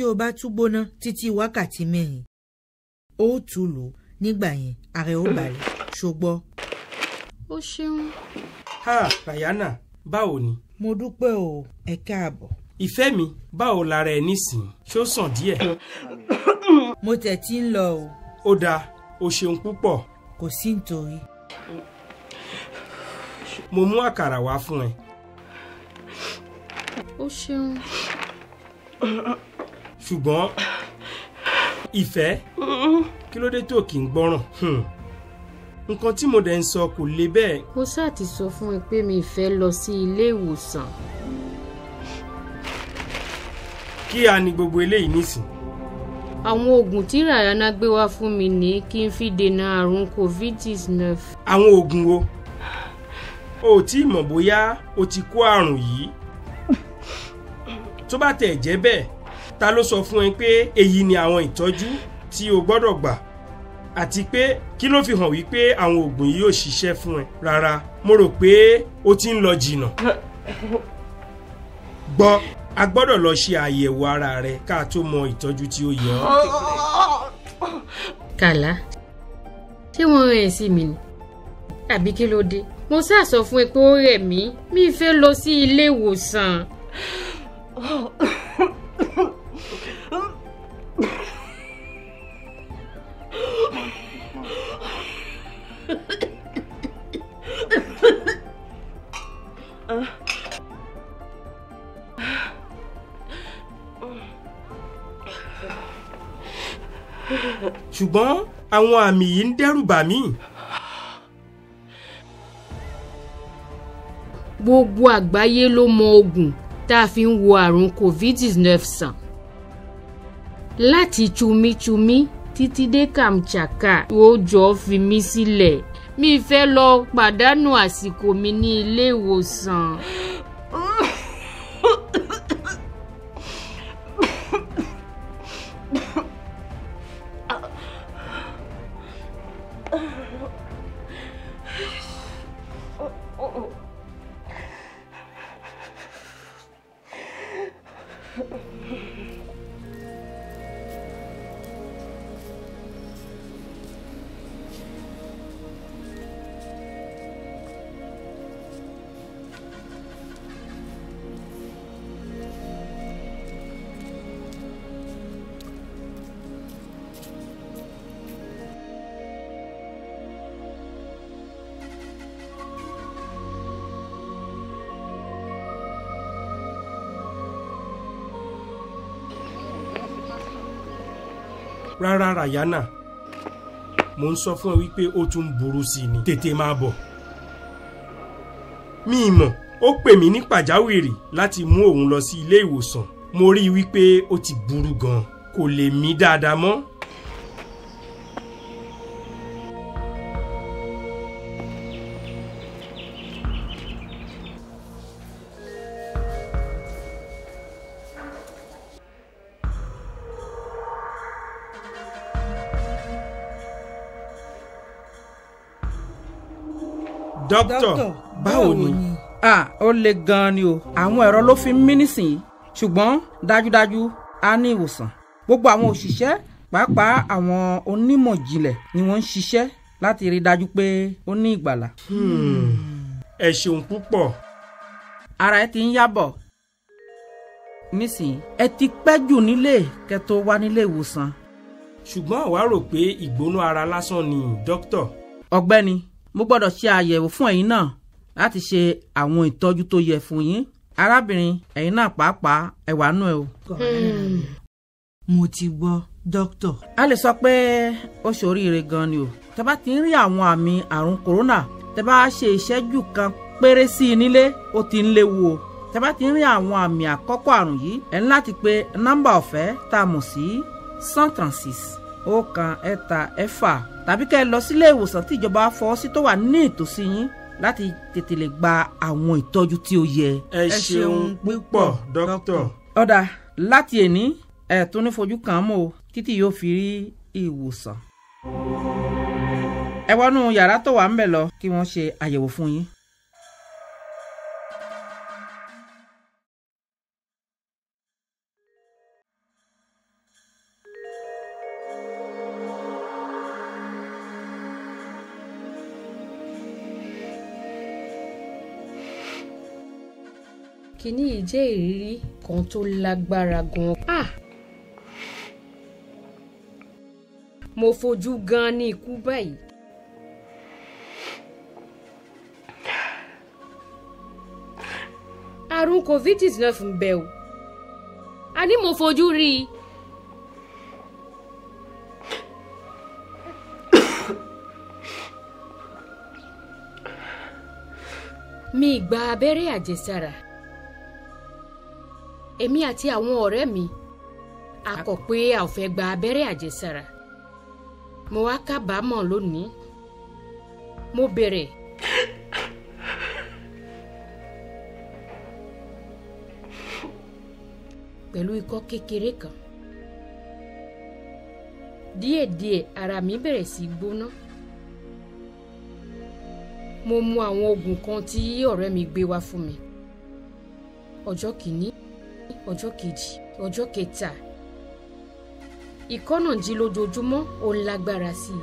tí ó bá tún gbóná títí wákàtí mẹ́rin ó tún lò nígbà yẹn ààrẹ ó balẹ̀ ṣùgbọ́n. ó ṣeun. ha Rayana báwo ni. mo dúpẹ́ o ẹ káàbọ̀. ìfẹ́ mi báwo lára ẹ nísìnyí ṣé ó sàn díẹ̀. mo tẹ̀ ń lọ o. ó dáa o ṣeun púpọ̀. kò sí nítorí. mo mú àkàrà wá fún ẹ. ó ṣeun. ṣùgbọ́n ìfẹ́ kí ló dé tó kì í gbọ́ràn hmm. nǹkan tí mo dẹ̀ ń sọ kò le bẹ́ẹ̀. mo ṣáà ti sọ fún ipe pé mi fẹ́ lọ sí ilé ìwòsàn. kí a ní gbogbo eléyìí nísìn. àwọn oògùn tí Rayana gbé wá fún mi ní kí n fi dènà àrùn covid-19. àwọn oògùn wo o ò tí ì mọ̀ bóyá o ti kó àrùn yìí tó bá tẹ̀ jẹ́ bẹ́ẹ̀ ta ló sọ fún ẹ pé èyí ni àwọn ìtọ́jú tí o gbọ́dọ̀ gbà àti pé kí ló fi hàn wípé àwọn oògùn yìí yóò ṣiṣẹ́ fún ẹ rárá mo rò pé o ti ń lọ jìnnà gbọ́ a gbọ́dọ̀ lọ ṣe àyẹ̀wò ara rẹ ká tó mọ ìtọ́jú tí ó yẹ ọ́. kàlá ṣé wọ́n rán sí mi ni àbí kí ló dé mo ṣáà sọ fún ẹ pé ó rẹ̀ mí mi fẹ́ lọ sí ilé ìwòsàn. ṣùgbọ́n àwọn àmì yìí ń dẹ́rù bà mí. gbogbo àgbáyé ló mọ oògùn tá a fi ń wo àrùn covid-19 sàn láti chumi-chumi títí dé kamchaka ó jọ fi mí sílẹ̀ mi fẹ́ lọ pàdánù àsìkò mi ní ilé ìwòsàn. Thank rárá rayana mo ń sọ fún ẹ wípé ó tún burú sí i ni tètè máa bọ̀ mi mọ̀ ó pè mí ní pàjáwìrì láti mú òun lọ sí ilé ìwòsàn mo rí i wípé ó ti burú gan kò lè mí dáadáa mọ́ Doctor, báwo ni. ah ó le gan-an ni o àwọn ẹ̀rọ ló fi ń mí nísìnyí ṣùgbọ́n dájúdájú a ní ìwòsàn gbogbo àwọn òṣìṣẹ́ pàápàá àwọn onímọ̀ jìnlẹ̀ ni wọ́n ń ṣiṣẹ́ láti rí i dájú pé ó ní ìgbàlà. Hmm. ẹ ṣeun púpọ̀. ara ẹ ti ń yábọ̀ nísìnyí ẹ ti pẹ́ jù nílé kẹ́ tó wá nílé ìwòsàn. ṣùgbọ́n àwa rò pé ìgbóná ara lásán ni dókítà. ọ̀gbẹ́ni mo gbọ́dọ̀ ṣe àyẹ̀wò fún ẹ̀yin náà láti ṣe àwọn ìtọ́jú tó yẹ fún yín arábìnrin ẹ̀yin náà pàápàá ẹ̀wà nù ẹ̀ o. Hmm. mo ti gbọ́ dókítà. a lè sọ pé ó ṣoríire gan ni o tẹ bá ti ń rí àwọn àmì àrùn kòrónà tẹ bá ṣe ìṣẹ́jú kan péré sí i nílé ó ti ń léwu o tẹ bá ti ń rí àwọn àmì àkọ́kọ́ àrùn yìí ẹ̀ ń láti pe nọ́mbà ọ̀fẹ́ tá a mọ̀ sí 136 ọ̀kan ẹ̀ta ẹ̀fà tàbí kẹ́ ẹ lọ sílé ìwòsàn tí ìjọba fọwọ́ sí tó wà ní ìtòsí yín láti tètè lè gba àwọn ìtọ́jú tí ó yẹ. ẹ ṣeun púpọ̀ dókítà. ọ̀dà láti èní ẹ̀ tó ní fojú kàn mọ́ títí yóò fi rí ìwòsàn. ẹ wọnú yàrá tó wà ń bẹ̀ lọ kí wọ́n ṣe àyẹ̀wò fún yín. kíní yìí jẹ́ ìrírí kan tó lágbára gan. Ah! mo fojú gan ní ikú báyìí. àrùn covid-19 ń bẹ o a ní mo fojú rí i. mi gba abẹ́rẹ́ àjẹsára èmi àti àwọn ọ̀rẹ́ mi a kọ̀ pé a ò fẹ́ gba abẹ́rẹ́ àjẹsára mo wá kábàámọ̀ lónìí mo bẹ̀rẹ̀. pẹ̀lú ikọ́ kékeré kan díẹ̀díẹ̀ ara mi bẹ̀rẹ̀ sí í gbóná mo mu àwọn oògùn kan tí ọ̀rẹ́ mi gbé wá fún mi ọjọ́ kìíní ọjọ́ kejì ọjọ́ kẹta ìkọ́nàjí lójoojúmọ́ òun lágbára sí i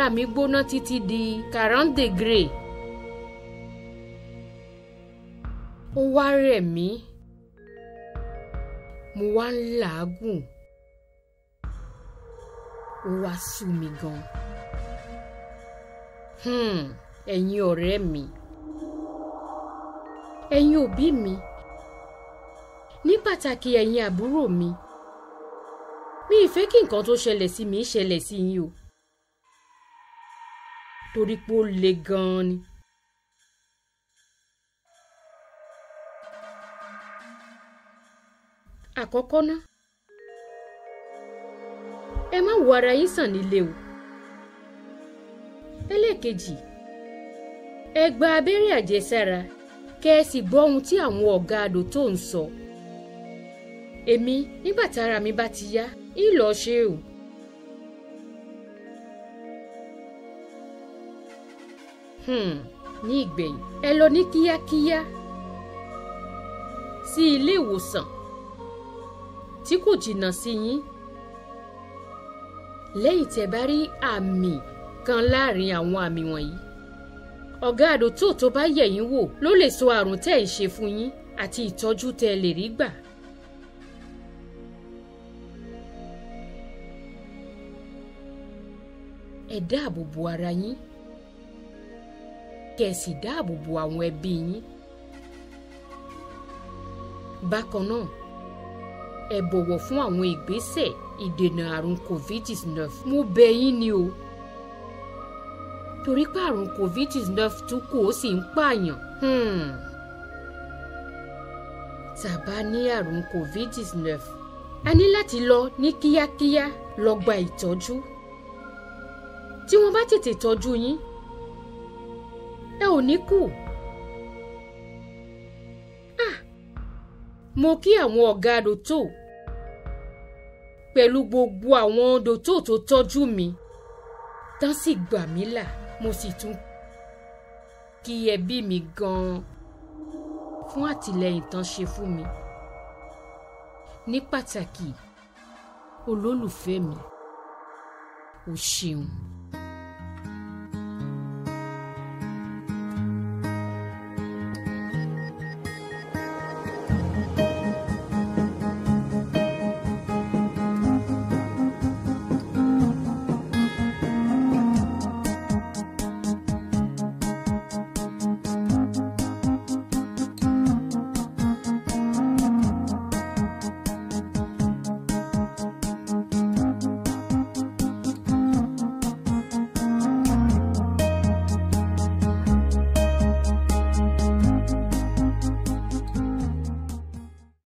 ara mi gbóná títí di quarante degré ó wá rẹ̀ mí mo wá ń làágùn ó wá sú mi gan. Hmm, ẹ̀yin ọ̀rẹ́ mi ẹ̀yin òbí mi ní pàtàkì ẹ̀yin àbúrò mi mi ìfẹ́ kí nǹkan tó ṣẹlẹ̀ sí mi ṣẹlẹ̀ sí yín o. torí pé ó le gan-an ni. àkọ́kọ́ ná ẹ má wo ara yín sàn nílé o ẹlẹ́ẹ̀kejì ẹ gba abẹ́rẹ́ àjẹsára kẹ́ ẹ sì gbọ́ ohun tí àwọn ọ̀gá àdó tó ń sọ èmi nígbà tára mi bá ti yá ń lọ ṣe o. Hmm, ní ìgbẹ̀yìn ẹ lọ ní kíákíá sí ilé ìwòsàn tí kò jìnnà sí yín lẹ́yìn tẹ́ bá rí àmì kan láàrin àwọn àmì wọ̀nyí ọ̀gá àdótó tó bá yẹ̀ yín wò ló lè sọ àrùn tẹ́ ẹ̀ ń ṣe fún yín àti ìtọ́jú tẹ́ ẹ lè rí gbà. ẹ dáàbò bo ara yín kẹ́ ẹ sì dáàbò bo àwọn ẹbí yín. bákan náà ẹ bọ̀wọ̀ fún àwọn ìgbésẹ̀ ìdènà àrùn covid-19 mo bẹ̀ yín ni o torí pé àrùn covid-19 tún kù ó ń pààyàn. Hmm. tá a ní àrùn covid-19 a ní láti lọ ní kíákíá lọ gba ìtọ́jú tí wọ́n bá tètè tọ́jú yín ẹ ò ní kú. Ah, mo kí àwọn ọ̀gá dòtò pẹ̀lú gbogbo àwọn dòtò tó tọ́jú mi tán sì gbà mí là mo sì tún kí ẹbí mi gan-an fún àtìlẹ́yìn tán ṣe fún mi ní pàtàkì olólùfẹ́ mi ò ṣeun.